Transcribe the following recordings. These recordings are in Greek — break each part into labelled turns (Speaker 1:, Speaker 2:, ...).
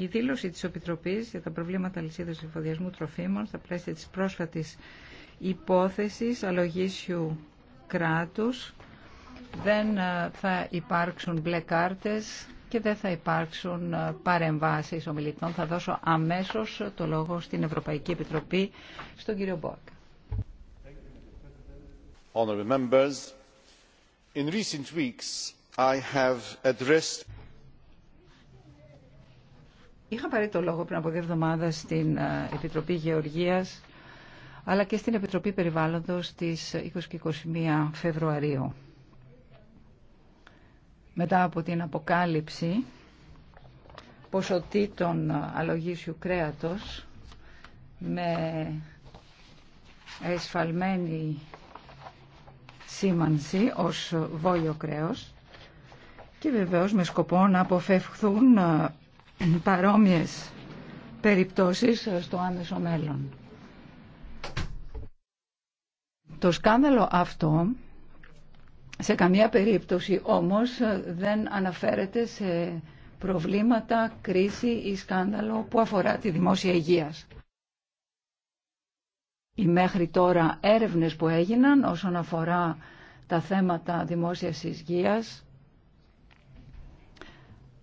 Speaker 1: Η δήλωση της Επιτροπής για τα προβλήματα λυσίδας εφοδιασμού τροφίμων στα πλαίσια της πρόσφατης υπόθεσης αλογίσιου κράτους δεν ε, θα υπάρξουν μπλε κάρτες και δεν θα υπάρξουν ε, παρεμβάσεις ομιλητών. Θα δώσω αμέσως το λόγο στην Ευρωπαϊκή Επιτροπή, στον κύριο Μπόρκ. members, in recent weeks I have addressed Είχα πάρει το λόγο πριν από δύο εβδομάδε στην ε, Επιτροπή Γεωργίας αλλά και στην Επιτροπή Περιβάλλοντος της 20 και 21 Φεβρουαρίου. Μετά από την αποκάλυψη ποσοτήτων αλογίσιου κρέατος με εσφαλμένη σήμανση ως βόλιο κρέος και βεβαίως με σκοπό να αποφευχθούν ε, παρόμοιες περιπτώσεις στο άμεσο μέλλον. Το σκάνδαλο αυτό σε καμία περίπτωση όμως δεν αναφέρεται σε προβλήματα, κρίση ή σκάνδαλο που αφορά τη δημόσια υγεία. Οι μέχρι τώρα έρευνες που έγιναν όσον αφορά τα θέματα δημόσιας υγείας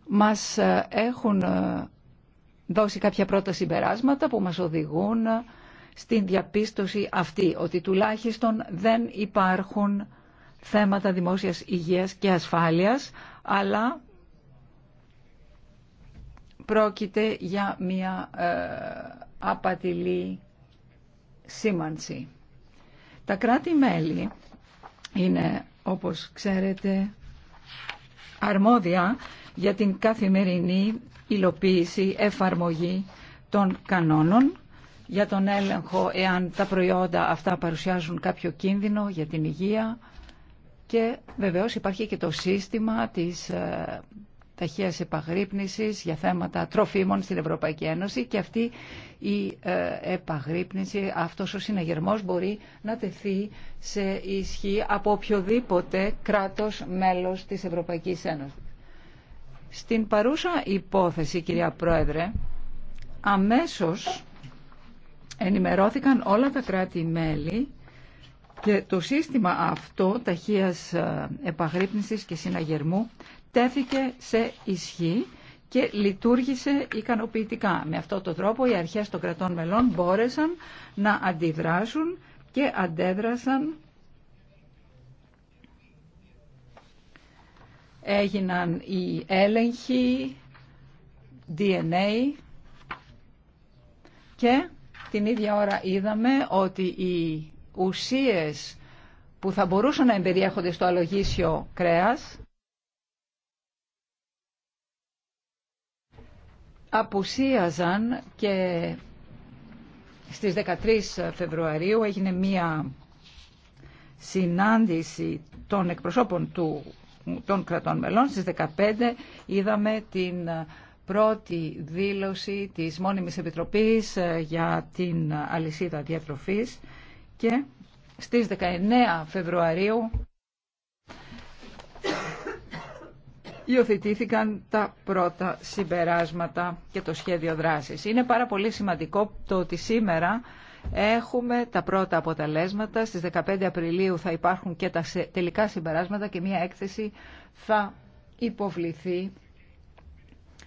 Speaker 1: μας ε, έχουν ε, δώσει κάποια πρώτα συμπεράσματα που μας οδηγούν ε, στην διαπίστωση αυτή, ότι τουλάχιστον δεν υπάρχουν θέματα δημόσιας υγείας και ασφάλειας, αλλά πρόκειται για μια απατηλή σήμανση. Τα κράτη-μέλη είναι, όπως ξέρετε, αρμόδια για την καθημερινή υλοποίηση, εφαρμογή των κανόνων για τον έλεγχο εάν τα προϊόντα αυτά παρουσιάζουν κάποιο κίνδυνο για την υγεία και βεβαίως υπάρχει και το σύστημα της ε, ταχείας επαγρύπνησης για θέματα τροφίμων στην Ευρωπαϊκή Ένωση και αυτή η ε, επαγρύπνηση, αυτός ο συναγερμός μπορεί να τεθεί σε ισχύ από οποιοδήποτε κράτος μέλος της Ευρωπαϊκής Ένωσης. Στην παρούσα υπόθεση, κυρία Πρόεδρε, αμέσως ενημερώθηκαν όλα τα κράτη-μέλη και το σύστημα αυτό ταχείας ε, επαγρύπνησης και συναγερμού τέθηκε σε ισχύ και λειτουργήσε ικανοποιητικά. Με αυτόν τον τρόπο οι αρχές των κρατών μελών μπόρεσαν να αντιδράσουν και αντέδρασαν έγιναν οι έλεγχοι DNA και την ίδια ώρα είδαμε ότι οι ουσίες που θα μπορούσαν να εμπεριέχονται στο αλογίσιο κρέας απουσίαζαν και στις 13 Φεβρουαρίου έγινε μία συνάντηση των εκπροσώπων του των κρατών μελών. Στις 15 είδαμε την ε, πρώτη δήλωση της Μόνιμης Επιτροπής ε, για την αλυσίδα διατροφής και στις 19 Φεβρουαρίου υιοθετήθηκαν τα πρώτα συμπεράσματα και το σχέδιο δράσης. Είναι πάρα πολύ σημαντικό το ότι σήμερα Έχουμε τα πρώτα αποτελέσματα. Στις 15 Απριλίου θα υπάρχουν και τα τελικά συμπεράσματα και μια έκθεση θα υποβληθεί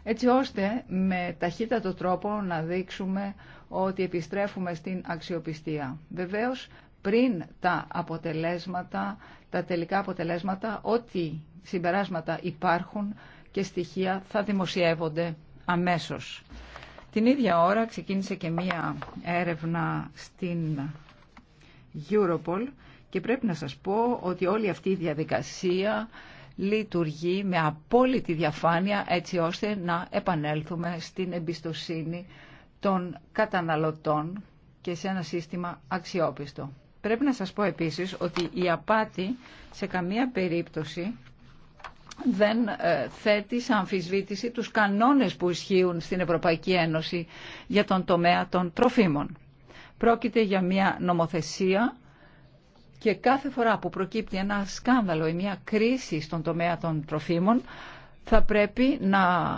Speaker 1: έτσι ώστε με ταχύτατο τρόπο να δείξουμε ότι επιστρέφουμε στην αξιοπιστία. Βεβαίως πριν τα αποτελέσματα, τα τελικά αποτελέσματα, ό,τι συμπεράσματα υπάρχουν και στοιχεία θα δημοσιεύονται αμέσως. Την ίδια ώρα ξεκίνησε και μία έρευνα στην Europol και πρέπει να σας πω ότι όλη αυτή η διαδικασία λειτουργεί με απόλυτη διαφάνεια έτσι ώστε να επανέλθουμε στην εμπιστοσύνη των καταναλωτών και σε ένα σύστημα αξιόπιστο. Πρέπει να σας πω επίσης ότι η απάτη σε καμία περίπτωση δεν ε, θέτει σε αμφισβήτηση τους κανόνες που ισχύουν στην Ευρωπαϊκή Ένωση για τον τομέα των τροφίμων. Πρόκειται για μια νομοθεσία και κάθε φορά που προκύπτει ένα σκάνδαλο ή μια κρίση στον τομέα των τροφίμων θα πρέπει να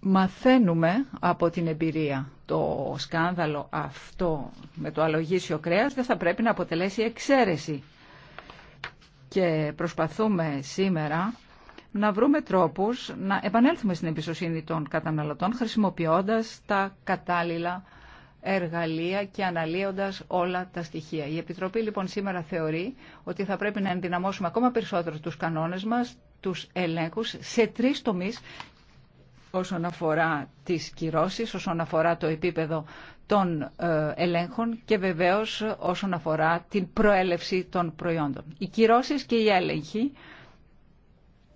Speaker 1: μαθαίνουμε από την εμπειρία. Το σκάνδαλο αυτό με το αλογίσιο κρέας δεν θα πρέπει να αποτελέσει εξαίρεση και προσπαθούμε σήμερα να βρούμε τρόπους να επανέλθουμε στην εμπιστοσύνη των καταναλωτών χρησιμοποιώντας τα κατάλληλα εργαλεία και αναλύοντας όλα τα στοιχεία. Η Επιτροπή λοιπόν σήμερα θεωρεί ότι θα πρέπει να ενδυναμώσουμε ακόμα περισσότερο τους κανόνες μας, τους ελέγχους σε τρεις τομείς όσον αφορά τις κυρώσεις, όσον αφορά το επίπεδο των ε, ελέγχων και βεβαίως όσον αφορά την προέλευση των προϊόντων. Οι κυρώσεις και η έλεγχοι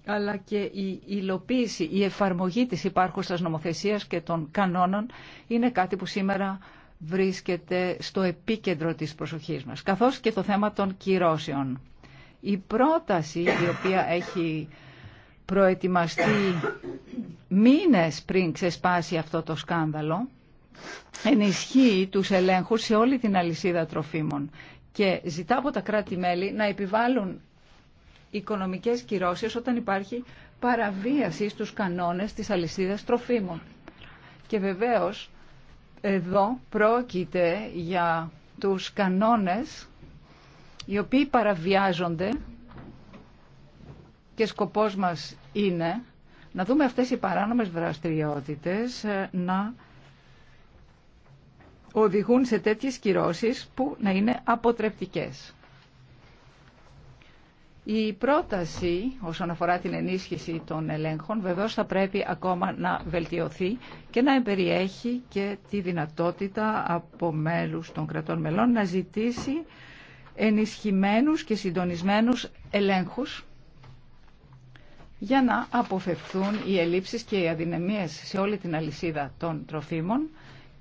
Speaker 1: αλλά και η υλοποίηση, η εφαρμογή της υπάρχουσας νομοθεσίας και των κανόνων είναι κάτι που σήμερα βρίσκεται στο επίκεντρο της προσοχής μας, καθώς και το θέμα των κυρώσεων. Η πρόταση η οποία έχει προετοιμαστεί μήνες πριν ξεσπάσει αυτό το σκάνδαλο ενισχύει τους ελέγχους σε όλη την αλυσίδα τροφίμων και ζητά από τα κράτη-μέλη να επιβάλλουν οικονομικές κυρώσεις όταν υπάρχει παραβίαση στους κανόνες της αλυσίδας τροφίμων. Και βεβαίως εδώ πρόκειται για τους κανόνες οι οποίοι παραβιάζονται και σκοπός μας είναι να δούμε αυτές οι παράνομες δραστηριότητες ε, να οδηγούν σε τέτοιες κυρώσεις που να είναι αποτρεπτικές. Η πρόταση όσον αφορά την ενίσχυση των ελέγχων βεβαίως θα πρέπει ακόμα να βελτιωθεί και να περιέχει και τη δυνατότητα από μέλους των κρατών μελών να ζητήσει ενισχυμένους και συντονισμένους ελέγχους για να αποφευθούν οι ελλείψεις και οι αδυναμίες σε όλη την αλυσίδα των τροφίμων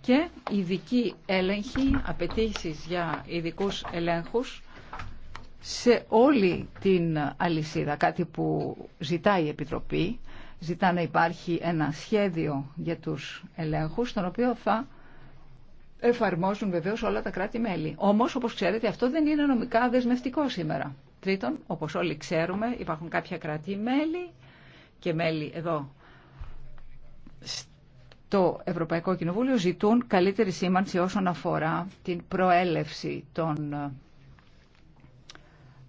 Speaker 1: και ειδικοί έλεγχοι, απαιτήσει για ειδικού ελέγχους σε όλη την αλυσίδα, κάτι που ζητάει η Επιτροπή. Ζητά να υπάρχει ένα σχέδιο για τους ελέγχους, τον οποίο θα εφαρμόζουν βεβαίως όλα τα κράτη-μέλη. Όμως, όπως ξέρετε, αυτό δεν είναι νομικά δεσμευτικό σήμερα. Τρίτον, όπως όλοι ξέρουμε, υπάρχουν κάποια κράτη-μέλη και μέλη εδώ το Ευρωπαϊκό Κοινοβούλιο ζητούν καλύτερη σήμανση όσον αφορά την προέλευση των ε,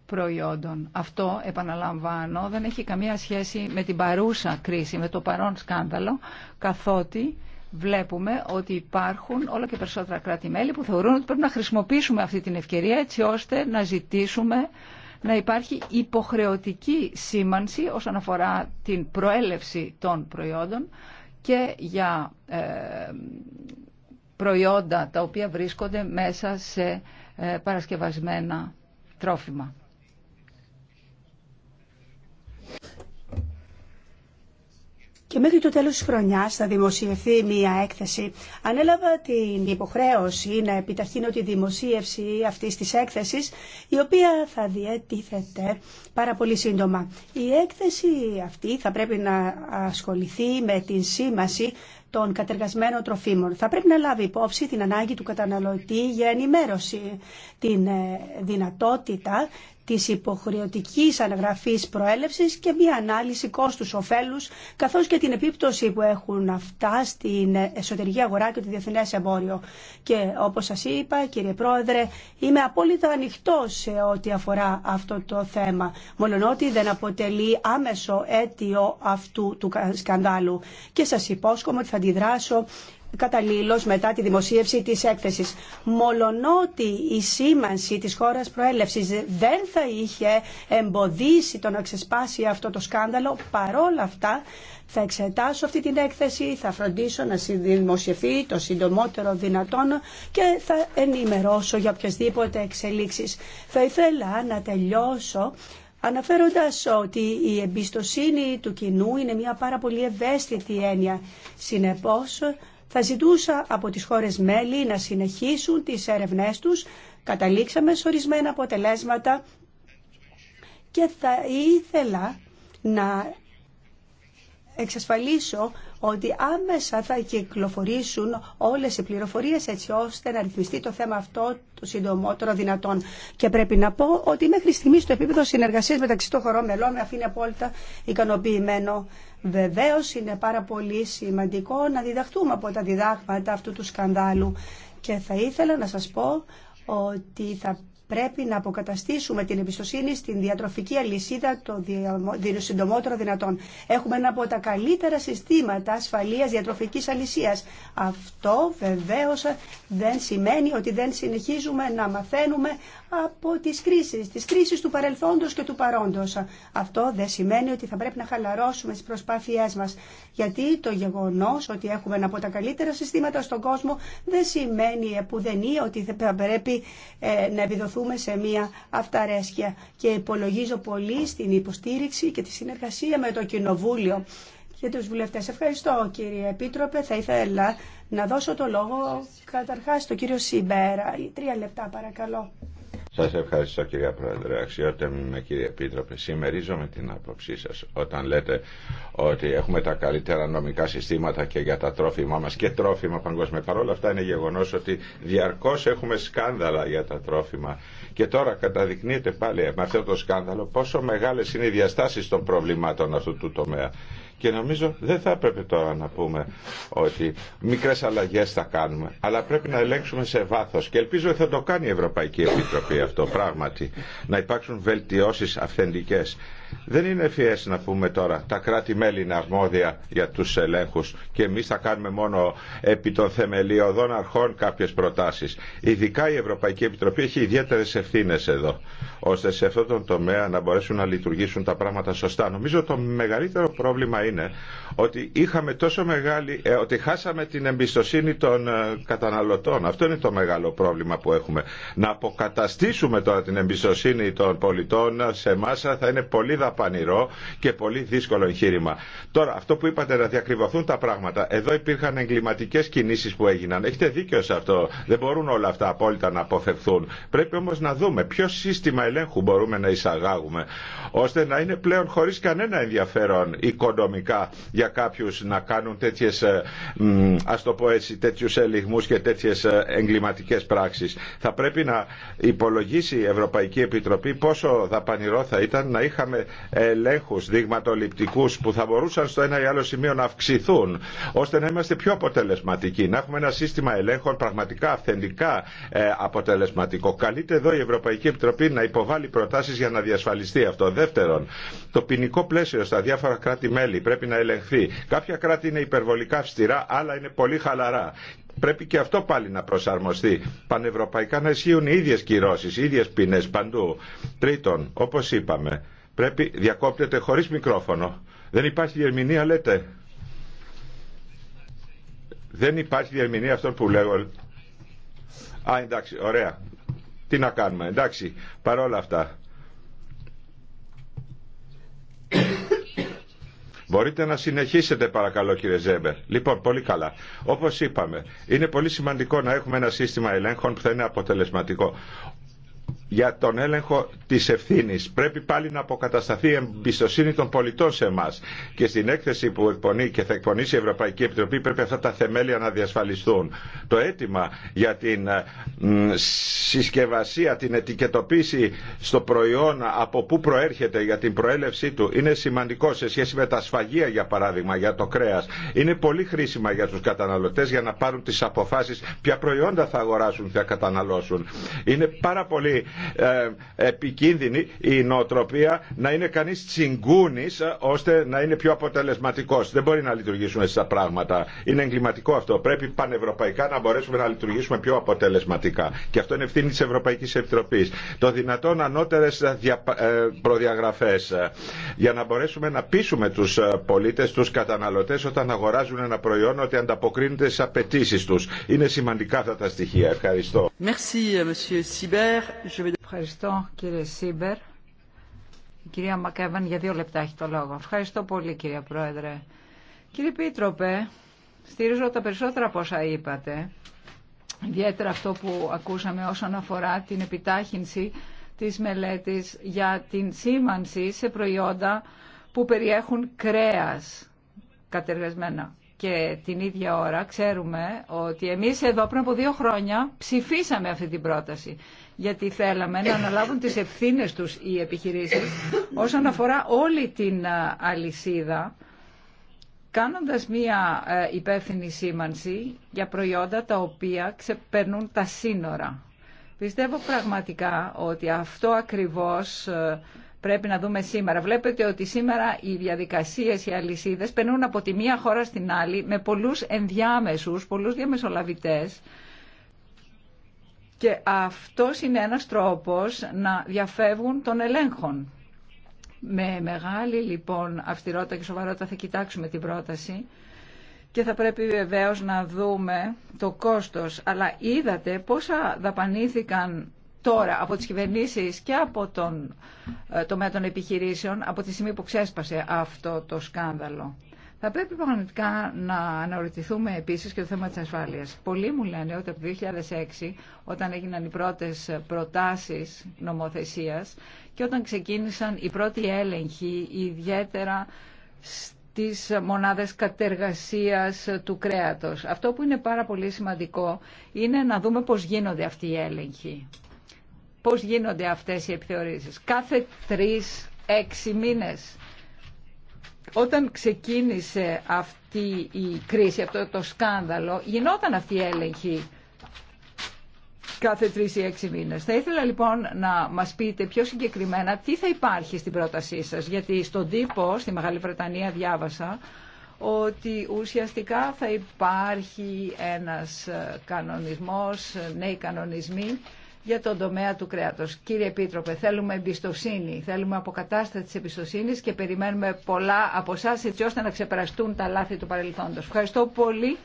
Speaker 1: προϊόντων. Αυτό, επαναλαμβάνω, δεν έχει καμία σχέση με την παρούσα κρίση, με το παρόν σκάνδαλο, καθότι βλέπουμε ότι υπάρχουν όλο και περισσότερα κράτη-μέλη που θεωρούν ότι πρέπει να χρησιμοποιήσουμε αυτή την ευκαιρία έτσι ώστε να ζητήσουμε να υπάρχει υποχρεωτική σήμανση όσον αφορά την προέλευση των προϊόντων και για ε, προϊόντα τα οποία βρίσκονται μέσα σε ε, παρασκευασμένα τρόφιμα και μέχρι το τέλος της χρονιάς
Speaker 2: θα δημοσιευθεί μία έκθεση. Ανέλαβα την υποχρέωση να επιταχύνω τη δημοσίευση αυτής της έκθεσης, η οποία θα διατίθεται πάρα πολύ σύντομα. Η έκθεση αυτή θα πρέπει να ασχοληθεί με την σήμαση των κατεργασμένων τροφίμων. Θα πρέπει να λάβει υπόψη την ανάγκη του καταναλωτή για ενημέρωση, την ε, δυνατότητα της υποχρεωτικής αναγραφής προέλευσης και μια ανάλυση κόστους-οφέλους καθώς και την επίπτωση που έχουν αυτά στην εσωτερική αγορά και το διεθνέ εμπόριο. Και όπως σας είπα κύριε Πρόεδρε είμαι απόλυτα ανοιχτό σε ό,τι αφορά αυτό το θέμα ότι δεν αποτελεί άμεσο αίτιο αυτού του σκανδάλου και σα υπόσχομαι ότι θα αντιδράσω Καταλήλω μετά τη δημοσίευση της έκθεσης. Μολονότι η σήμανση της χώρας προέλευση δεν θα είχε εμποδίσει το να ξεσπάσει αυτό το σκάνδαλο, παρόλα αυτά θα εξετάσω αυτή την έκθεση, θα φροντίσω να δημοσιευθεί το συντομότερο δυνατόν και θα ενημερώσω για οποιασδήποτε εξελίξεις. Θα ήθελα να τελειώσω αναφέροντας ότι η εμπιστοσύνη του κοινού είναι μια πάρα πολύ ευαίσθητη έννοια. Συνεπώς, θα ζητούσα από τις χώρες μέλη να συνεχίσουν τις έρευνές τους. Καταλήξαμε σε ορισμένα αποτελέσματα και θα ήθελα να εξασφαλίσω ότι άμεσα θα κυκλοφορήσουν όλες οι πληροφορίες έτσι ώστε να ρυθμιστεί το θέμα αυτό το συντομότερο δυνατόν. Και πρέπει να πω ότι μέχρι στιγμή το επίπεδο συνεργασίας μεταξύ των χωρών μελών με αφήνει απόλυτα ικανοποιημένο. Βεβαίω είναι πάρα πολύ σημαντικό να διδαχτούμε από τα διδάγματα αυτού του σκανδάλου. Και θα ήθελα να σας πω ότι θα Πρέπει να αποκαταστήσουμε την εμπιστοσύνη στην διατροφική αλυσίδα το συντομότερο δυνατόν. Έχουμε ένα από τα καλύτερα συστήματα ασφαλείας διατροφικής αλυσίας. Αυτό βεβαίω δεν σημαίνει ότι δεν συνεχίζουμε να μαθαίνουμε από τις κρίσεις, τις κρίσεις του παρελθόντος και του παρόντος. Αυτό δεν σημαίνει ότι θα πρέπει να χαλαρώσουμε τις προσπάθειές μας, γιατί το γεγονός ότι έχουμε ένα από τα καλύτερα συστήματα στον κόσμο δεν σημαίνει επουδενή ότι θα πρέπει ε, να επιδοθούμε σε μία αυταρέσκεια. Και υπολογίζω πολύ στην υποστήριξη και τη συνεργασία με το Κοινοβούλιο και τους βουλευτές. Ευχαριστώ κύριε Επίτροπε. Θα ήθελα να δώσω το λόγο καταρχάς στον κύριο Σιμπέρα. Τρία λεπτά παρακαλώ.
Speaker 3: Σα ευχαριστώ κυρία Πρόεδρε, αξιότιμη με κύριε Επίτροπε. Σημερίζομαι την άποψή σας όταν λέτε ότι έχουμε τα καλύτερα νομικά συστήματα και για τα τρόφιμα μας και τρόφιμα παγκόσμια. Παρ' όλα αυτά είναι γεγονός ότι διαρκώ έχουμε σκάνδαλα για τα τρόφιμα. Και τώρα καταδεικνύεται πάλι με αυτό το σκάνδαλο πόσο μεγάλε είναι οι διαστάσει των προβλημάτων αυτού του τομέα. Και νομίζω δεν θα έπρεπε τώρα να πούμε ότι μικρέ αλλαγέ θα κάνουμε, αλλά πρέπει να ελέγξουμε σε βάθο. Και ελπίζω ότι θα το κάνει η Ευρωπαϊκή Επιτροπή αυτό πράγματι. Να υπάρξουν βελτιώσει αυθεντικέ. Δεν είναι ευφυέ να πούμε τώρα τα κράτη-μέλη είναι αρμόδια για του ελέγχου και εμεί θα κάνουμε μόνο επί των θεμελιωδών αρχών κάποιε προτάσει. Ειδικά η Ευρωπαϊκή Επιτροπή έχει ιδιαίτερε ευθύνε εδώ, ώστε σε αυτόν τον τομέα να μπορέσουν να λειτουργήσουν τα πράγματα σωστά. Νομίζω το μεγαλύτερο πρόβλημα είναι ότι είχαμε τόσο μεγάλη, ε, ότι χάσαμε την εμπιστοσύνη των ε, καταναλωτών. Αυτό είναι το μεγάλο πρόβλημα που έχουμε. Να αποκαταστήσουμε τώρα την εμπιστοσύνη των πολιτών σε εμά θα είναι πολύ δαπανηρό και πολύ δύσκολο εγχείρημα. Τώρα, αυτό που είπατε να διακριβωθούν τα πράγματα. Εδώ υπήρχαν εγκληματικέ κινήσει που έγιναν. Έχετε δίκιο σε αυτό. Δεν μπορούν όλα αυτά απόλυτα να αποφευθούν. Πρέπει όμω να δούμε ποιο σύστημα ελέγχου μπορούμε να εισαγάγουμε, ώστε να είναι πλέον χωρί κανένα ενδιαφέρον οικονομικά για κάποιου να κάνουν τέτοιε, ε, α το πω έτσι, τέτοιου ελιγμού και τέτοιε εγκληματικέ πράξει. Θα πρέπει να υπολογίσει η Ευρωπαϊκή Επιτροπή πόσο δαπανηρό θα ήταν να είχαμε ελέγχους δειγματοληπτικούς που θα μπορούσαν στο ένα ή άλλο σημείο να αυξηθούν ώστε να είμαστε πιο αποτελεσματικοί, να έχουμε ένα σύστημα ελέγχων πραγματικά αυθεντικά ε, αποτελεσματικό. Καλείται εδώ η Ευρωπαϊκή Επιτροπή να υποβάλει προτάσεις για να διασφαλιστεί αυτό. Δεύτερον, το ποινικό πλαίσιο στα διάφορα κράτη-μέλη πρέπει να ελεγχθεί. Κάποια κράτη είναι υπερβολικά αυστηρά, άλλα είναι πολύ χαλαρά. Πρέπει και αυτό πάλι να προσαρμοστεί. Πανευρωπαϊκά να ισχύουν οι ίδιες κυρώσεις, οι ίδιες ποινές παντού. Τρίτον, όπως είπαμε, πρέπει διακόπτεται χωρίς μικρόφωνο. Δεν υπάρχει διερμηνία λέτε. Δεν υπάρχει διερμηνία αυτό που λέω. Α, εντάξει, ωραία. Τι να κάνουμε, εντάξει, παρόλα αυτά. Μπορείτε να συνεχίσετε παρακαλώ κύριε Ζέμπερ. Λοιπόν, πολύ καλά. Όπως είπαμε, είναι πολύ σημαντικό να έχουμε ένα σύστημα ελέγχων που θα είναι αποτελεσματικό για τον έλεγχο της ευθύνης. Πρέπει πάλι να αποκατασταθεί η εμπιστοσύνη των πολιτών σε εμά. Και στην έκθεση που εκπονεί και θα εκπονήσει η Ευρωπαϊκή Επιτροπή πρέπει αυτά τα θεμέλια να διασφαλιστούν. Το αίτημα για την ε, συσκευασία, την ετικετοποίηση στο προϊόν από πού προέρχεται για την προέλευσή του είναι σημαντικό σε σχέση με τα σφαγεία για παράδειγμα, για το κρέας. Είναι πολύ χρήσιμα για τους καταναλωτές για να πάρουν τις αποφάσεις ποια προϊόντα θα αγοράσουν, θα καταναλώσουν. Είναι πάρα πολύ ε, επικίνδυνη η νοοτροπία να είναι κανεί τσιγκούνη ε, ώστε να είναι πιο αποτελεσματικό. Δεν μπορεί να λειτουργήσουμε στα τα πράγματα. Είναι εγκληματικό αυτό. Πρέπει πανευρωπαϊκά να μπορέσουμε να λειτουργήσουμε πιο αποτελεσματικά. Και αυτό είναι ευθύνη τη Ευρωπαϊκή Επιτροπή. Το δυνατόν ανώτερε ε, προδιαγραφέ για να μπορέσουμε να πείσουμε του πολίτε, του καταναλωτέ όταν αγοράζουν ένα προϊόν ότι ανταποκρίνεται στι απαιτήσει του. Είναι σημαντικά αυτά τα στοιχεία. Ευχαριστώ.
Speaker 1: Merci, Ευχαριστώ κύριε Σίμπερ. Η κυρία Μακέβαν για δύο λεπτά έχει το λόγο. Ευχαριστώ πολύ κύριε Πρόεδρε. Κύριε Πίτροπε, στηρίζω τα περισσότερα από όσα είπατε. Ιδιαίτερα αυτό που ακούσαμε όσον αφορά την επιτάχυνση της μελέτης για την σήμανση σε προϊόντα που περιέχουν κρέας κατεργασμένα. Και την ίδια ώρα ξέρουμε ότι εμείς εδώ πριν από δύο χρόνια ψηφίσαμε αυτή την πρόταση γιατί θέλαμε να αναλάβουν τις ευθύνες τους οι επιχειρήσεις όσον αφορά όλη την αλυσίδα κάνοντας μία υπεύθυνη σήμανση για προϊόντα τα οποία ξεπερνούν τα σύνορα. Πιστεύω πραγματικά ότι αυτό ακριβώς πρέπει να δούμε σήμερα. Βλέπετε ότι σήμερα οι διαδικασίες, οι αλυσίδες περνούν από τη μία χώρα στην άλλη με πολλούς ενδιάμεσους, πολλούς διαμεσολαβητές και αυτό είναι ένας τρόπος να διαφεύγουν των ελέγχων. Με μεγάλη λοιπόν αυστηρότητα και σοβαρότητα θα κοιτάξουμε την πρόταση και θα πρέπει βεβαίως να δούμε το κόστος. Αλλά είδατε πόσα δαπανήθηκαν τώρα από τις κυβερνήσεις και από τον ε, τομέα των επιχειρήσεων από τη στιγμή που ξέσπασε αυτό το σκάνδαλο. Θα πρέπει πραγματικά να αναρωτηθούμε επίσης και το θέμα της ασφάλειας. Πολλοί μου λένε ότι από το 2006, όταν έγιναν οι πρώτες προτάσεις νομοθεσίας και όταν ξεκίνησαν οι πρώτοι έλεγχοι, ιδιαίτερα στις μονάδες κατεργασίας του κρέατος. Αυτό που είναι πάρα πολύ σημαντικό είναι να δούμε πώς γίνονται αυτοί οι έλεγχοι. Πώς γίνονται αυτές οι επιθεωρήσεις. Κάθε τρεις, έξι μήνες όταν ξεκίνησε αυτή η κρίση, αυτό το σκάνδαλο, γινόταν αυτή η έλεγχη κάθε τρεις ή έξι μήνες. Θα ήθελα λοιπόν να μας πείτε πιο συγκεκριμένα τι θα υπάρχει στην πρότασή σας, γιατί στον τύπο, στη Μεγάλη Βρετανία διάβασα, ότι ουσιαστικά θα υπάρχει ένας κανονισμός, νέοι κανονισμοί, για τον τομέα του κρέατος. Κύριε Επίτροπε, θέλουμε εμπιστοσύνη, θέλουμε αποκατάσταση της εμπιστοσύνης και περιμένουμε πολλά από εσά έτσι ώστε να ξεπεραστούν τα λάθη του παρελθόντος. Ευχαριστώ πολύ.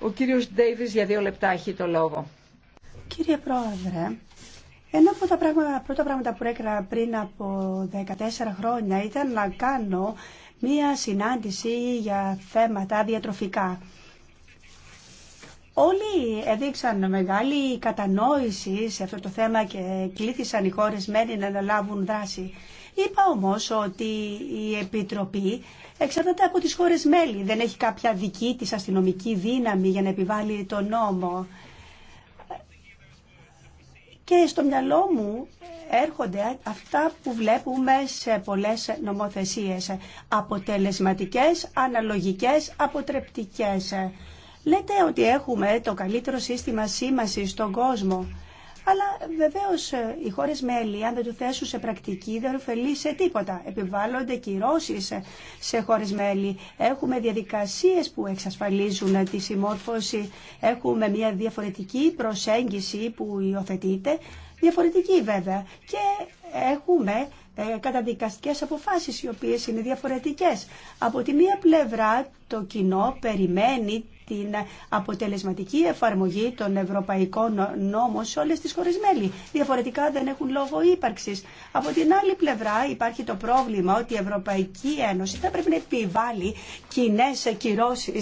Speaker 1: Ο κύριος Ντέιβις για δύο λεπτά έχει το λόγο.
Speaker 2: Κύριε Πρόεδρε, ένα από τα πράγματα, πρώτα πράγματα που έκανα πριν από 14 χρόνια ήταν να κάνω μία συνάντηση για θέματα διατροφικά. Όλοι έδειξαν μεγάλη κατανόηση σε αυτό το θέμα και κλήθησαν οι χώρες μέλη να αναλάβουν δράση. Είπα όμως ότι η Επιτροπή εξαρτάται από τις χώρες μέλη. Δεν έχει κάποια δική της αστυνομική δύναμη για να επιβάλλει τον νόμο. Και στο μυαλό μου έρχονται αυτά που βλέπουμε σε πολλές νομοθεσίες. Αποτελεσματικές, αναλογικές, αποτρεπτικές. Λέτε ότι έχουμε το καλύτερο σύστημα σήμαση στον κόσμο. Αλλά βεβαίω ε, οι χώρε μέλη, αν δεν το θέσουν σε πρακτική, δεν ωφελεί σε τίποτα. Επιβάλλονται κυρώσει ε, σε χώρε μέλη. Έχουμε διαδικασίε που εξασφαλίζουν ε, τη συμμόρφωση. Έχουμε μια διαφορετική προσέγγιση που υιοθετείται. Διαφορετική βέβαια. Και έχουμε καταδικαστικές αποφάσεις οι οποίες είναι διαφορετικές. Από τη μία πλευρά το κοινό περιμένει την αποτελεσματική εφαρμογή των ευρωπαϊκών νόμων σε όλες τις χώρες μέλη. Διαφορετικά δεν έχουν λόγο ύπαρξης. Από την άλλη πλευρά υπάρχει το πρόβλημα ότι η Ευρωπαϊκή Ένωση θα πρέπει να επιβάλλει κοινέ κυρώσει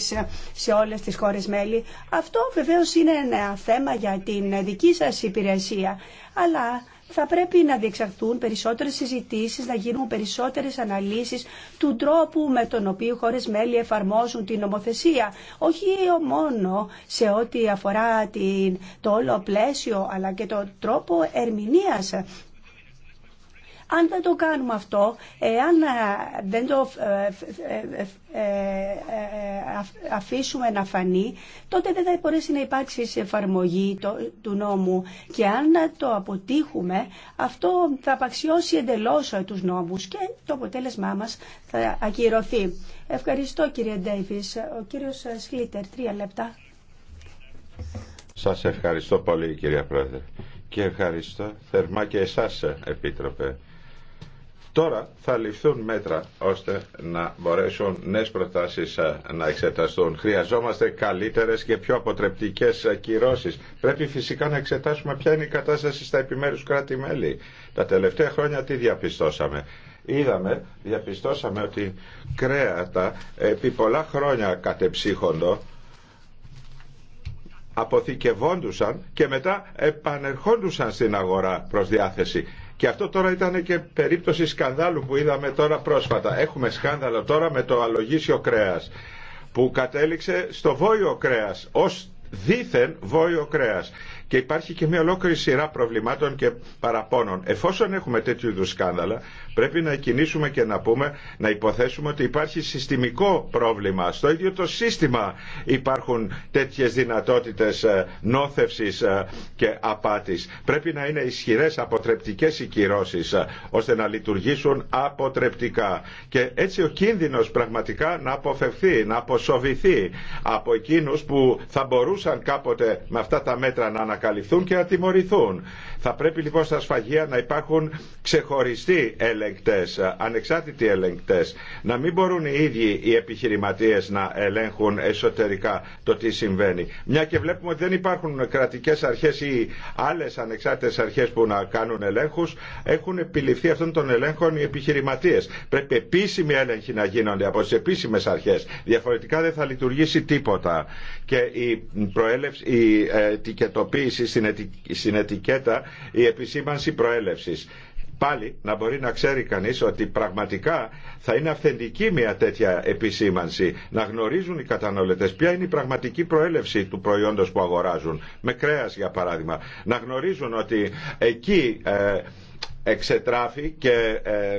Speaker 2: σε όλες τις χώρες μέλη. Αυτό βεβαίως είναι ένα θέμα για την δική σας υπηρεσία. Αλλά θα πρέπει να διεξαχθούν περισσότερες συζητήσεις, να γίνουν περισσότερες αναλύσεις του τρόπου με τον οποίο οι χώρες μέλη εφαρμόζουν την νομοθεσία. Όχι μόνο σε ό,τι αφορά την, το όλο πλαίσιο, αλλά και το τρόπο ερμηνείας αν δεν το κάνουμε αυτό, εάν ε, δεν το ε, ε, αφήσουμε να φανεί, τότε δεν θα μπορέσει να υπάρξει εφαρμογή του νόμου και αν το αποτύχουμε, αυτό θα απαξιώσει εντελώς τους νόμους και το αποτέλεσμά μας θα ακυρωθεί. Ευχαριστώ κύριε Ντέιβις. Ο κύριος Σλίτερ, τρία λεπτά.
Speaker 3: Σας ευχαριστώ πολύ κυρία Πρόεδρε και ευχαριστώ θερμά και εσάς Επίτροπε Τώρα θα ληφθούν μέτρα ώστε να μπορέσουν νέες προτάσεις ε, να εξεταστούν. Χρειαζόμαστε καλύτερες και πιο αποτρεπτικές ε, κυρώσεις. Πρέπει φυσικά να εξετάσουμε ποια είναι η κατάσταση στα επιμέρους κράτη-μέλη. Τα τελευταία χρόνια τι διαπιστώσαμε. Είδαμε, διαπιστώσαμε ότι κρέατα επί πολλά χρόνια κατεψύχοντο αποθηκευόντουσαν και μετά επανερχόντουσαν στην αγορά προς διάθεση. Και αυτό τώρα ήταν και περίπτωση σκανδάλου που είδαμε τώρα πρόσφατα. Έχουμε σκάνδαλο τώρα με το αλογίσιο κρέας που κατέληξε στο βόηο κρέας ως δίθεν βόηο κρέας και υπάρχει και μια ολόκληρη σειρά προβλημάτων και παραπώνων. Εφόσον έχουμε τέτοιου είδου σκάνδαλα, πρέπει να κινήσουμε και να πούμε, να υποθέσουμε ότι υπάρχει συστημικό πρόβλημα. Στο ίδιο το σύστημα υπάρχουν τέτοιε δυνατότητε ε, νόθευση ε, και απάτη. Πρέπει να είναι ισχυρέ αποτρεπτικέ οι κυρώσει, ε, ώστε να λειτουργήσουν αποτρεπτικά. Και έτσι ο κίνδυνο πραγματικά να αποφευθεί, να αποσοβηθεί από εκείνου που θα μπορούσαν κάποτε με αυτά τα μέτρα να ανακαλύψουν καλυφθούν και να τιμωρηθούν. Θα πρέπει λοιπόν στα σφαγεία να υπάρχουν ξεχωριστοί ελεγκτέ, ανεξάρτητοι ελεγκτέ. Να μην μπορούν οι ίδιοι οι επιχειρηματίε να ελέγχουν εσωτερικά το τι συμβαίνει. Μια και βλέπουμε ότι δεν υπάρχουν κρατικέ αρχέ ή άλλε ανεξάρτητε αρχέ που να κάνουν ελέγχου, έχουν επιληφθεί αυτών των ελέγχων οι επιχειρηματίε. Πρέπει επίσημοι έλεγχοι να γίνονται από τι επίσημε αρχέ. Διαφορετικά δεν θα λειτουργήσει τίποτα. Και η προέλευση, η ε, στην ετικέτα η επισήμανση προέλευσης πάλι να μπορεί να ξέρει κανείς ότι πραγματικά θα είναι αυθεντική μια τέτοια επισήμανση. Να γνωρίζουν οι καταναλωτές ποια είναι η πραγματική προέλευση του προϊόντος που αγοράζουν. Με κρέας για παράδειγμα. Να γνωρίζουν ότι εκεί... Ε, εξετράφει και ε,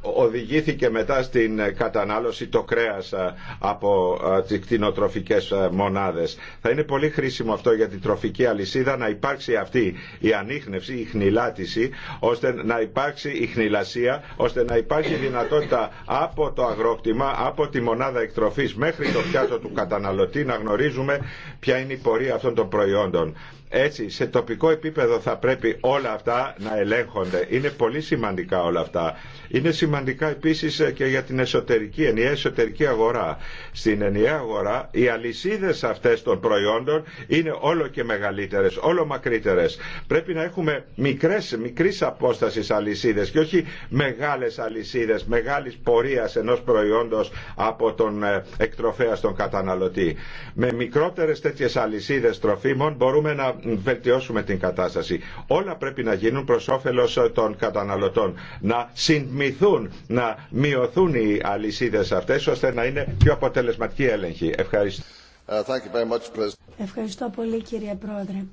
Speaker 3: οδηγήθηκε μετά στην κατανάλωση το κρέας ε, από ε, τις κτηνοτροφικές μονάδες. Θα είναι πολύ χρήσιμο αυτό για την τροφική αλυσίδα να υπάρξει αυτή η ανείχνευση, η χνηλάτιση, ώστε να υπάρξει η χνηλασία, ώστε να υπάρχει δυνατότητα από το αγρόκτημα, από τη μονάδα εκτροφής μέχρι το πιάτο του καταναλωτή να γνωρίζουμε ποια είναι η πορεία αυτών των προϊόντων. Έτσι, σε τοπικό επίπεδο θα πρέπει όλα αυτά να ελέγχονται. Είναι πολύ σημαντικά όλα αυτά. Είναι σημαντικά επίσης και για την εσωτερική, ενιαία εσωτερική αγορά. Στην ενιαία αγορά οι αλυσίδες αυτές των προϊόντων είναι όλο και μεγαλύτερες, όλο μακρύτερες. Πρέπει να έχουμε μικρές, μικρής απόστασης αλυσίδες και όχι μεγάλες αλυσίδες, μεγάλης πορείας ενός προϊόντος από τον ε, εκτροφέα στον καταναλωτή. Με μικρότερες τέτοιες αλυσίδε τροφίμων μπορούμε να βελτιώσουμε την κατάσταση. Όλα πρέπει να γίνουν προ όφελο ε, των καταναλωτών. Να συντμηθούν, να μειωθούν οι αλυσίδε αυτέ ώστε να είναι πιο αποτελεσματική έλεγχη. Ευχαριστώ. Ε, thank you very much,
Speaker 2: Ευχαριστώ πολύ κύριε Πρόεδρε.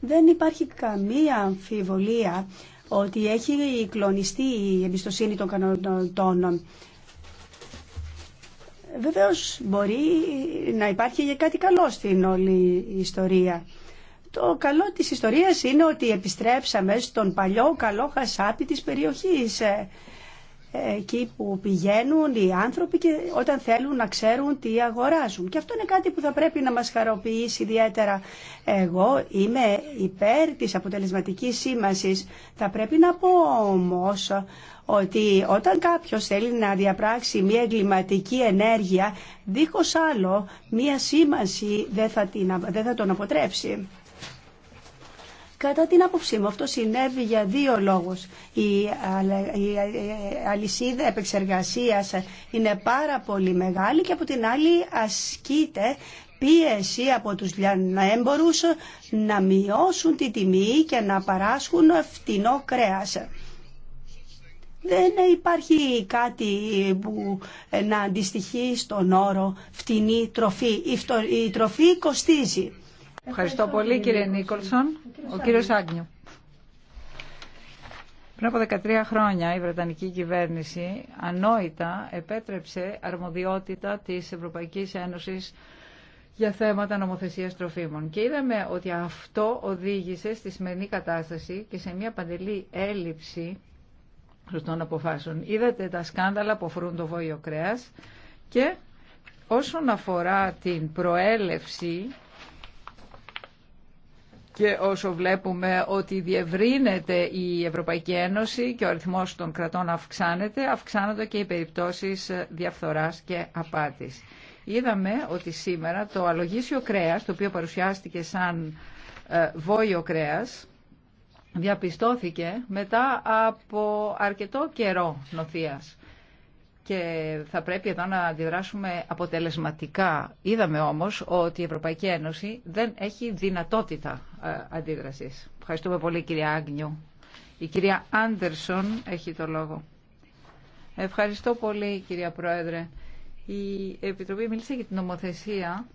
Speaker 2: Δεν υπάρχει καμία αμφιβολία ότι έχει κλονιστεί η εμπιστοσύνη των καταναλωτών. Βεβαίως μπορεί να υπάρχει κάτι καλό στην όλη ιστορία. Το καλό της ιστορίας είναι ότι επιστρέψαμε στον παλιό καλό χασάπι της περιοχής ε, εκεί που πηγαίνουν οι άνθρωποι και όταν θέλουν να ξέρουν τι αγοράζουν. Και αυτό είναι κάτι που θα πρέπει να μας χαροποιήσει ιδιαίτερα. Εγώ είμαι υπέρ της αποτελεσματικής σήμασης Θα πρέπει να πω όμως ότι όταν κάποιος θέλει να διαπράξει μια εγκληματική ενέργεια, δίχως άλλο, μια σήμανση δεν την, δεν θα τον αποτρέψει. Κατά την άποψή μου αυτό συνέβη για δύο λόγους. Η αλυσίδα επεξεργασίας είναι πάρα πολύ μεγάλη και από την άλλη ασκείται πίεση από τους λιανέμπορους να μειώσουν τη τιμή και να παράσχουν φτηνό κρέας. Δεν υπάρχει κάτι που ε, να αντιστοιχεί στον όρο φτηνή τροφή. Η
Speaker 1: τροφή κοστίζει. Ευχαριστώ πολύ κύριε Νίκολσον.
Speaker 2: Ο κύριος Άγνιου.
Speaker 1: Πριν από 13 χρόνια η Βρετανική κυβέρνηση ανόητα επέτρεψε αρμοδιότητα της Ευρωπαϊκής Ένωσης για θέματα νομοθεσίας τροφίμων. Και είδαμε ότι αυτό οδήγησε στη σημερινή κατάσταση και σε μια παντελή έλλειψη των αποφάσεων. Είδατε τα σκάνδαλα που αφορούν το βόλιο κρέας και όσον αφορά την προέλευση και όσο βλέπουμε ότι διευρύνεται η Ευρωπαϊκή Ένωση και ο αριθμός των κρατών αυξάνεται, αυξάνονται και οι περιπτώσεις διαφθοράς και απάτης. Είδαμε ότι σήμερα το αλογίσιο κρέας, το οποίο παρουσιάστηκε σαν ε, βόλιο κρέας, διαπιστώθηκε μετά από αρκετό καιρό νοθείας και θα πρέπει εδώ να αντιδράσουμε αποτελεσματικά. Είδαμε όμως ότι η Ευρωπαϊκή Ένωση δεν έχει δυνατότητα ε, αντίδρασης. Ευχαριστούμε πολύ κυρία Άγνιου. Η κυρία Άντερσον έχει το λόγο. Ευχαριστώ πολύ κυρία Πρόεδρε. Η Επιτροπή μίλησε για την νομοθεσία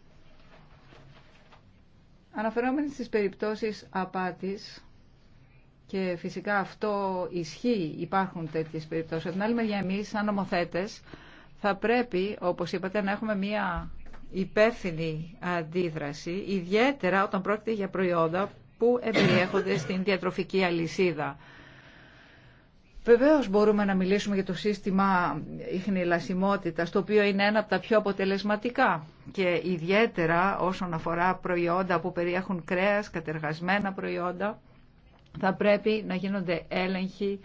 Speaker 1: αναφερόμενη στις περιπτώσεις απάτης και φυσικά αυτό ισχύει, υπάρχουν τέτοιε περιπτώσεις. Από την άλλη μεριά εμεί, σαν νομοθέτε, θα πρέπει, όπως είπατε, να έχουμε μία υπεύθυνη αντίδραση, ιδιαίτερα όταν πρόκειται για προϊόντα που εμπεριέχονται στην διατροφική αλυσίδα. Βεβαίω μπορούμε να μιλήσουμε για το σύστημα ιχνηλασιμότητας, το οποίο είναι ένα από τα πιο αποτελεσματικά και ιδιαίτερα όσον αφορά προϊόντα που περιέχουν κρέας, κατεργασμένα προϊόντα θα πρέπει να γίνονται έλεγχοι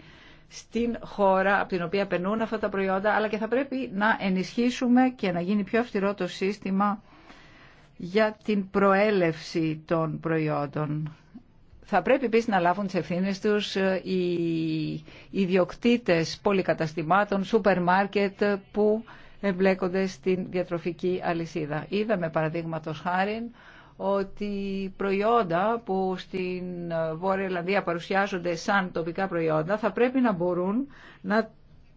Speaker 1: στην χώρα από την οποία περνούν αυτά τα προϊόντα, αλλά και θα πρέπει να ενισχύσουμε και να γίνει πιο αυστηρό το σύστημα για την προέλευση των προϊόντων. Θα πρέπει επίση να λάβουν τι ευθύνε του ε, οι ιδιοκτήτε πολυκαταστημάτων, σούπερ μάρκετ που εμπλέκονται στην διατροφική αλυσίδα. Είδαμε παραδείγματο χάρη ότι προϊόντα που στην Βόρεια Ελλανδία παρουσιάζονται σαν τοπικά προϊόντα θα πρέπει να μπορούν να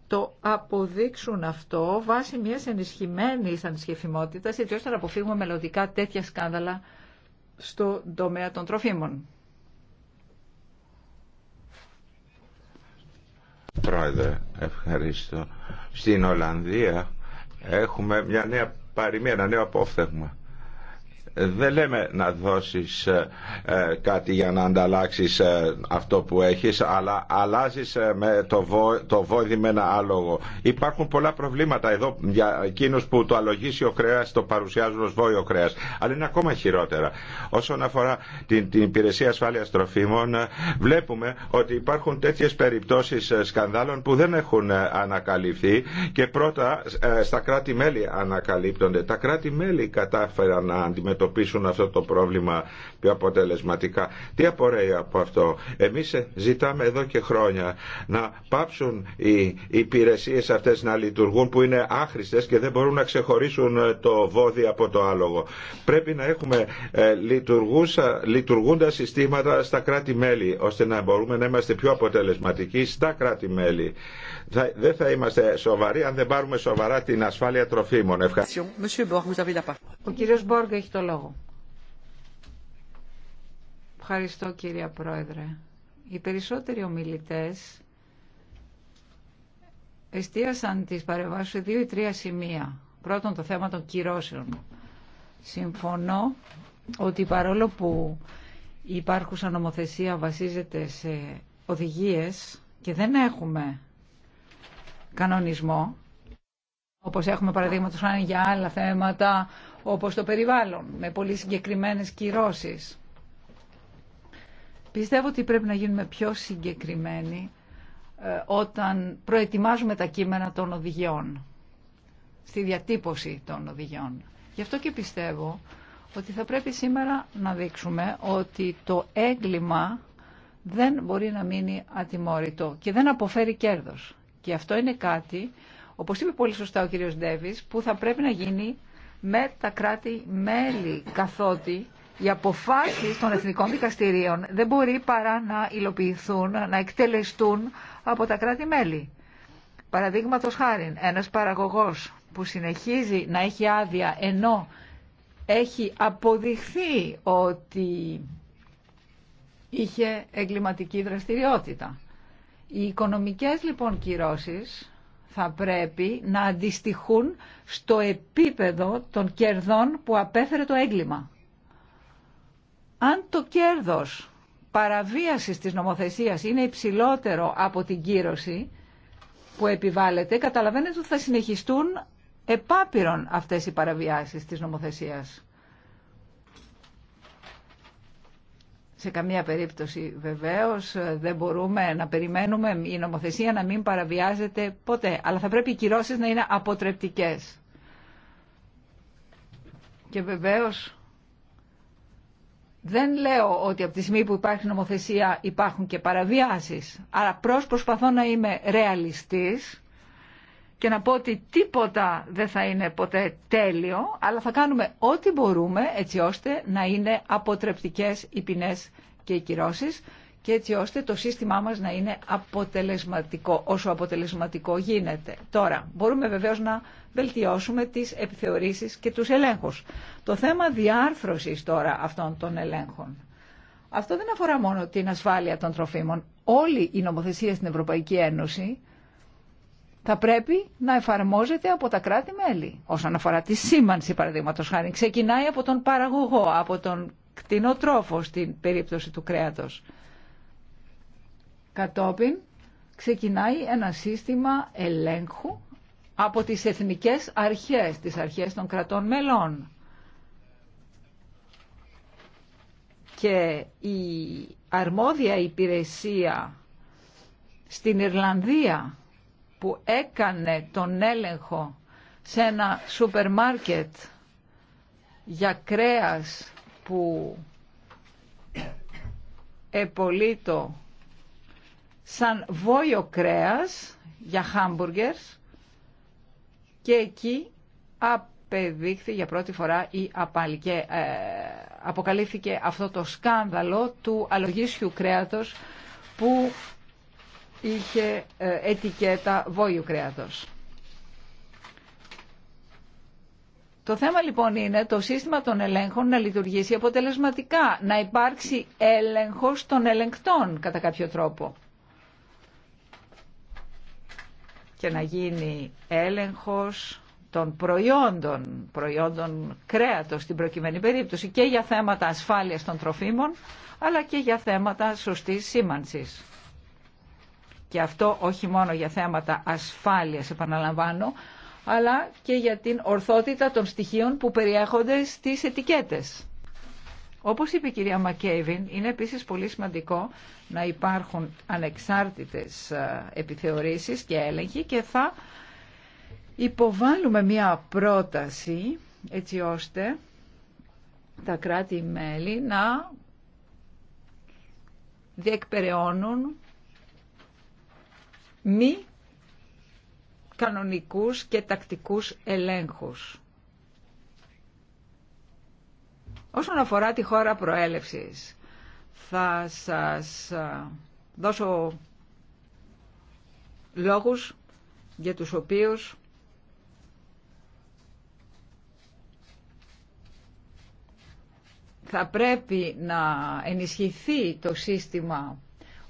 Speaker 1: το αποδείξουν αυτό βάσει μιας ενισχυμένης αντισχεφιμότητας έτσι ώστε να αποφύγουμε μελλοντικά τέτοια σκάνδαλα στο τομέα των τροφίμων.
Speaker 3: Πρόεδρε, ευχαριστώ. Στην Ολλανδία έχουμε μια νέα παροιμία, ένα νέο απόφθεγμα δεν λέμε να δώσεις ε, ε, κάτι για να ανταλλάξεις ε, αυτό που έχεις αλλά αλλάζεις με το, βό, το βόδι με ένα άλογο υπάρχουν πολλά προβλήματα εδώ για εκείνους που το ο κρέας το παρουσιάζουν ως ο κρέας αλλά είναι ακόμα χειρότερα όσον αφορά την, την υπηρεσία ασφάλειας τροφίμων βλέπουμε ότι υπάρχουν τέτοιες περιπτώσεις σκανδάλων που δεν έχουν ανακαλυφθεί και πρώτα στα κράτη-μέλη ανακαλύπτονται τα κράτη-μέλη κατάφεραν να αντιμετωπίσουν αντιμετωπίσουν αυτό το πρόβλημα πιο αποτελεσματικά. Τι απορρέει από αυτό. Εμείς ζητάμε εδώ και χρόνια να πάψουν οι υπηρεσίες αυτές να λειτουργούν που είναι άχρηστες και δεν μπορούν να ξεχωρίσουν το βόδι από το άλογο. Πρέπει να έχουμε ε, λειτουργούντα συστήματα στα κράτη-μέλη ώστε να μπορούμε να είμαστε πιο αποτελεσματικοί στα κράτη-μέλη. Δεν θα είμαστε σοβαροί αν δεν πάρουμε σοβαρά την ασφάλεια τροφίμων. Ευχαριστώ.
Speaker 1: Ο κύριος Μπόργκ έχει το λόγο λόγο. Ευχαριστώ κυρία Πρόεδρε. Οι περισσότεροι ομιλητές εστίασαν τις παρεμβάσεις σε δύο ή τρία σημεία. Πρώτον το θέμα των κυρώσεων. Συμφωνώ ότι παρόλο που η υπάρχουσα νομοθεσία βασίζεται σε οδηγίες και δεν έχουμε κανονισμό, όπως έχουμε παραδείγματος χάρη για άλλα θέματα όπως το περιβάλλον, με πολύ συγκεκριμένες κυρώσεις. Πιστεύω ότι πρέπει να γίνουμε πιο συγκεκριμένοι ε, όταν προετοιμάζουμε τα κείμενα των οδηγιών, στη διατύπωση των οδηγιών. Γι' αυτό και πιστεύω ότι θα πρέπει σήμερα να δείξουμε ότι το έγκλημα δεν μπορεί να μείνει ατιμόρυτο και δεν αποφέρει κέρδος. Και αυτό είναι κάτι, όπως είπε πολύ σωστά ο κύριος Ντέβης, που θα πρέπει να γίνει με τα κράτη-μέλη, καθότι οι αποφάσεις των εθνικών δικαστηρίων δεν μπορεί παρά να υλοποιηθούν, να εκτελεστούν από τα κράτη-μέλη. Παραδείγματο χάρη, ένας παραγωγός που συνεχίζει να έχει άδεια ενώ έχει αποδειχθεί ότι είχε εγκληματική δραστηριότητα. Οι οικονομικές λοιπόν κυρώσεις θα πρέπει να αντιστοιχούν στο επίπεδο των κερδών που απέφερε το έγκλημα. Αν το κέρδος παραβίασης της νομοθεσίας είναι υψηλότερο από την κύρωση που επιβάλλεται, καταλαβαίνετε ότι θα συνεχιστούν επάπειρον αυτές οι παραβιάσεις της νομοθεσίας. Σε καμία περίπτωση βεβαίως ε, δεν μπορούμε να περιμένουμε η νομοθεσία να μην παραβιάζεται ποτέ. Αλλά θα πρέπει οι κυρώσεις να είναι αποτρεπτικές. Και βεβαίως δεν λέω ότι από τη στιγμή που υπάρχει νομοθεσία υπάρχουν και παραβιάσεις. Άρα προς προσπαθώ να είμαι ρεαλιστής και να πω ότι τίποτα δεν θα είναι ποτέ τέλειο, αλλά θα κάνουμε ό,τι μπορούμε έτσι ώστε να είναι αποτρεπτικές οι ποινές και οι κυρώσεις και έτσι ώστε το σύστημά μας να είναι αποτελεσματικό, όσο αποτελεσματικό γίνεται. Τώρα, μπορούμε βεβαίως να βελτιώσουμε τις επιθεωρήσεις και τους ελέγχους. Το θέμα διάρθρωσης τώρα αυτών των ελέγχων. Αυτό δεν αφορά μόνο την ασφάλεια των τροφίμων. Όλη η νομοθεσία στην Ευρωπαϊκή Ένωση θα πρέπει να εφαρμόζεται από τα κράτη-μέλη. Όσον αφορά τη σήμανση, παραδείγματος χάρη, ξεκινάει από τον παραγωγό, από τον κτηνοτρόφο στην περίπτωση του κρέατος. Κατόπιν ξεκινάει ένα σύστημα ελέγχου από τις εθνικές αρχές, τις αρχές των κρατών μελών. Και η αρμόδια υπηρεσία στην Ιρλανδία που έκανε τον έλεγχο σε ένα σούπερ μάρκετ για κρέας που επολύτω σαν βόλιο κρέας για χάμπουργκερς και εκεί απεδείχθη για πρώτη φορά η απαλικέ, ε, αποκαλύφθηκε αυτό το σκάνδαλο του αλογίσιου κρέατος που είχε ε, ετικέτα βόλιο κρέατος. Το θέμα λοιπόν είναι το σύστημα των ελέγχων να λειτουργήσει αποτελεσματικά, να υπάρξει έλεγχος των ελεγκτών κατά κάποιο τρόπο και να γίνει έλεγχος των προϊόντων, προϊόντων κρέατος στην προκειμένη περίπτωση και για θέματα ασφάλειας των τροφίμων αλλά και για θέματα σωστής σήμανσης. Και αυτό όχι μόνο για θέματα ασφάλειας, επαναλαμβάνω, αλλά και για την ορθότητα των στοιχείων που περιέχονται στις ετικέτες. Όπως είπε η κυρία Μακέιβιν, είναι επίσης πολύ σημαντικό να υπάρχουν ανεξάρτητες επιθεωρήσεις και έλεγχοι και θα υποβάλουμε μία πρόταση έτσι ώστε τα κράτη-μέλη να διεκπεραιώνουν μη κανονικούς και τακτικούς ελέγχους. Όσον αφορά τη χώρα προέλευσης, θα σας δώσω λόγους για τους οποίους θα πρέπει να ενισχυθεί το σύστημα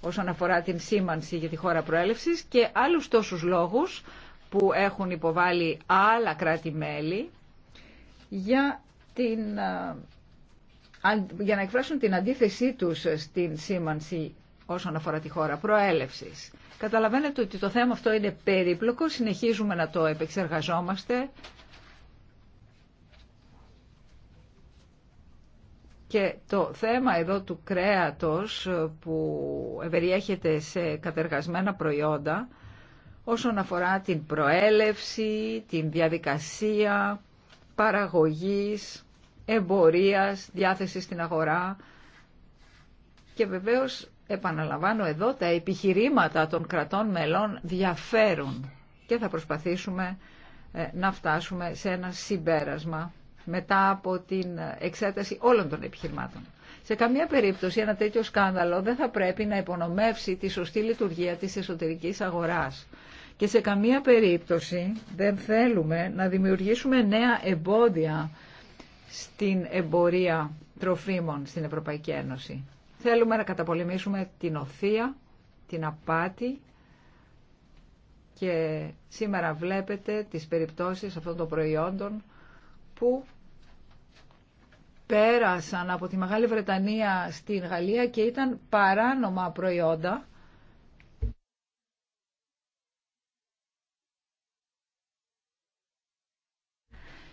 Speaker 1: όσον αφορά την σήμανση για τη χώρα προέλευσης και άλλους τόσους λόγους που έχουν υποβάλει άλλα κράτη-μέλη για, την, για να εκφράσουν την αντίθεσή τους στην σήμανση όσον αφορά τη χώρα προέλευσης. Καταλαβαίνετε ότι το θέμα αυτό είναι περίπλοκο, συνεχίζουμε να το επεξεργαζόμαστε Και το θέμα εδώ του κρέατος ε, που ευεριέχεται σε κατεργασμένα προϊόντα όσον αφορά την προέλευση, την διαδικασία παραγωγής, εμπορίας, διάθεση στην αγορά και βεβαίως επαναλαμβάνω εδώ τα επιχειρήματα των κρατών μελών διαφέρουν και θα προσπαθήσουμε ε, να φτάσουμε σε ένα συμπέρασμα μετά από την εξέταση όλων των επιχειρημάτων. Σε καμία περίπτωση ένα τέτοιο σκάνδαλο δεν θα πρέπει να υπονομεύσει τη σωστή λειτουργία της εσωτερικής αγοράς. Και σε καμία περίπτωση δεν θέλουμε να δημιουργήσουμε νέα εμπόδια στην εμπορία τροφίμων στην Ευρωπαϊκή Ένωση. Θέλουμε να καταπολεμήσουμε την οθεία, την απάτη και σήμερα βλέπετε τις περιπτώσεις αυτών των προϊόντων που πέρασαν από τη Μεγάλη Βρετανία στην Γαλλία και ήταν παράνομα προϊόντα.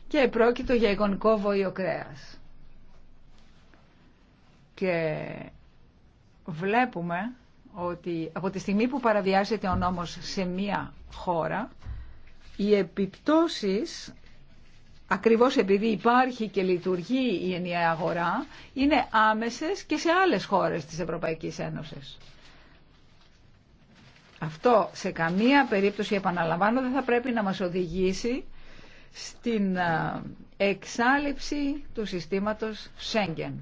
Speaker 1: Και πρόκειτο για εικονικό ο κρέας. Και βλέπουμε ότι από τη στιγμή που παραβιάζεται ο νόμος σε μία χώρα, οι επιπτώσεις ακριβώς επειδή υπάρχει και λειτουργεί η ενιαία αγορά, είναι άμεσες και σε άλλες χώρες της Ευρωπαϊκής Ένωσης. Αυτό σε καμία περίπτωση, επαναλαμβάνω, δεν θα πρέπει να μας οδηγήσει στην εξάλληψη του συστήματος Schengen.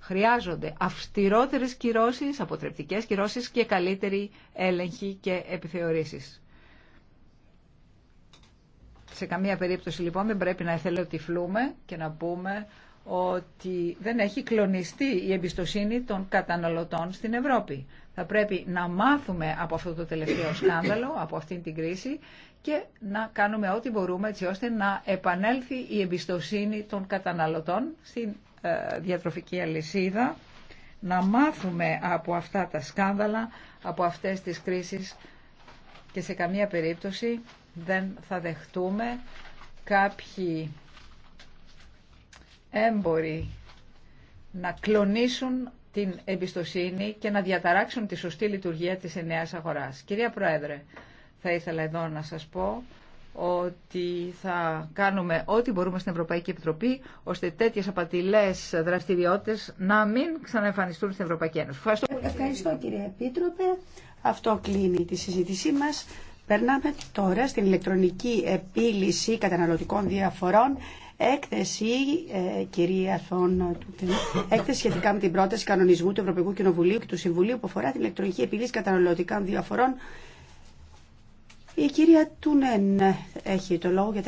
Speaker 1: Χρειάζονται αυστηρότερες κυρώσεις, αποτρεπτικές κυρώσεις και καλύτερη έλεγχη και επιθεωρήσεις. Σε καμία περίπτωση λοιπόν δεν πρέπει να εθελοτυφλούμε και να πούμε ότι δεν έχει κλονιστεί η εμπιστοσύνη των καταναλωτών στην Ευρώπη. Θα πρέπει να μάθουμε από αυτό το τελευταίο σκάνδαλο, από αυτήν την κρίση και να κάνουμε ό,τι μπορούμε έτσι ώστε να επανέλθει η εμπιστοσύνη των καταναλωτών στην ε, διατροφική αλυσίδα, να μάθουμε από αυτά τα σκάνδαλα, από αυτές τις κρίσεις και σε καμία περίπτωση δεν θα δεχτούμε κάποιοι έμποροι να κλονίσουν την εμπιστοσύνη και να διαταράξουν τη σωστή λειτουργία της ενέας αγοράς. Κυρία Πρόεδρε, θα ήθελα εδώ να σας πω ότι θα κάνουμε ό,τι μπορούμε στην Ευρωπαϊκή Επιτροπή ώστε τέτοιες απατηλές δραστηριότητες να μην ξαναεμφανιστούν στην Ευρωπαϊκή Ένωση. Ευχαριστώ, Ευχαριστώ κύριε Επίτροπε. Αυτό κλείνει τη συζήτησή μας. Περνάμε τώρα στην ηλεκτρονική
Speaker 2: επίλυση καταναλωτικών διαφορών. Έκθεση, ε, κυρία Θόν, έκθεση σχετικά με την πρόταση κανονισμού του Ευρωπαϊκού Κοινοβουλίου και του Συμβουλίου που αφορά την ηλεκτρονική επίλυση
Speaker 1: καταναλωτικών διαφορών. Η κυρία Τούνεν έχει το λόγο για